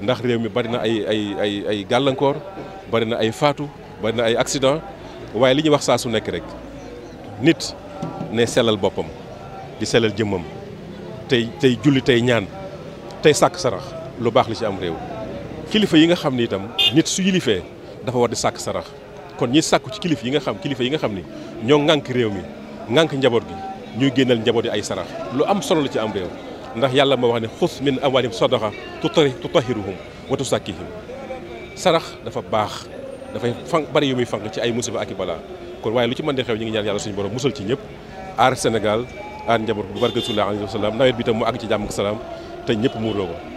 ndax réew mi bari na ay ay ay ay gàllankoor bari na ay faatu bari na ay accident waaye li ñuy wax saa su nekk rek nit ne selal boppam di selal jëmmam tey tey julli tey ñaan tey sàkk sarax lu baax li ci am réew kilifa yi nga xam ni itam nit su yilifee dafa war di sàkk sarax kon ñi sàkku ci kilifa yi nga xam kilifa yi nga xam ni ñoo ŋànk réew mi ŋànk njaboot gi ñuy génnal njaboot yi ay sarax lu am solo la ci am réew ndax yàlla moo wax ne xus min amwaalihim sadaqa tutahhiruhum wa tuzakkihim sarax dafa baax dafay fan bari yu muy fànq ci ay musiba ak i balaa kon waaye lu ci mën di xew ñu ngi ñaan yàlla suñu borom musal ci ñëpp aar Sénégal aar njaboot bu barke Rasulullah alayhi wa salaam nawet bi tam mu àgg ci jàmm ak salaam te ñëpp muuroo ko